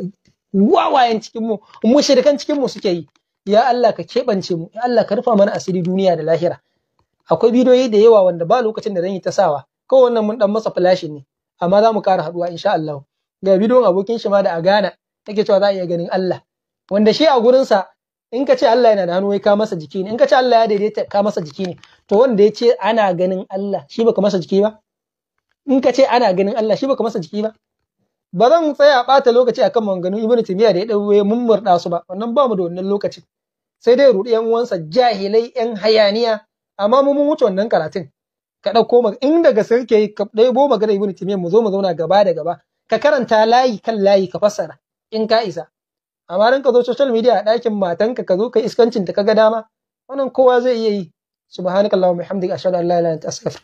wawayen cikin mu mushrikan cikin mu suke yi ya Allah ka keɓance mu ya Allah ka rufa mana asiri duniya da lahira akwai bidiyoyi da yawa wanda ba lokacin da zan yi ta sawa Ko wannan mun dan masa flashin ne amma za mu kara haɗuwa insha Allah ga bidiyon abokin shi ma da a Ghana take cewa za a iya ganin Allah wanda shi a gurinsa in ka ce Allah yana da hannu ka masa jiki ne in ka ce Allah ya daidaita ka masa jiki ne to wanda ya ce ana ganin Allah shi baka masa jiki ba in ka ce ana ganin Allah shi baka masa jiki ba ba zan tsaya ɓata lokaci akan maganganun Ibn Taymiyyah da ya ɗauye mun murɗa su ba wannan ba mu da wannan lokacin sai dai ruɗi yan uwansa jahilai yan hayaniya amma mu mun wuce wannan karatun ka ɗauko in daga yi ka ɗaibo gada Ibn Taymiyyah mu zo mu zauna gaba da gaba ka karanta layi kan layi ka fassara in ka isa amma ka zo social media a ɗakin matanka ka zo ka iskancin ka ga dama wannan kowa zai iya yi سبحانك اللهم وبحمدك أشهد أن لا إله إلا أنت أستغفرك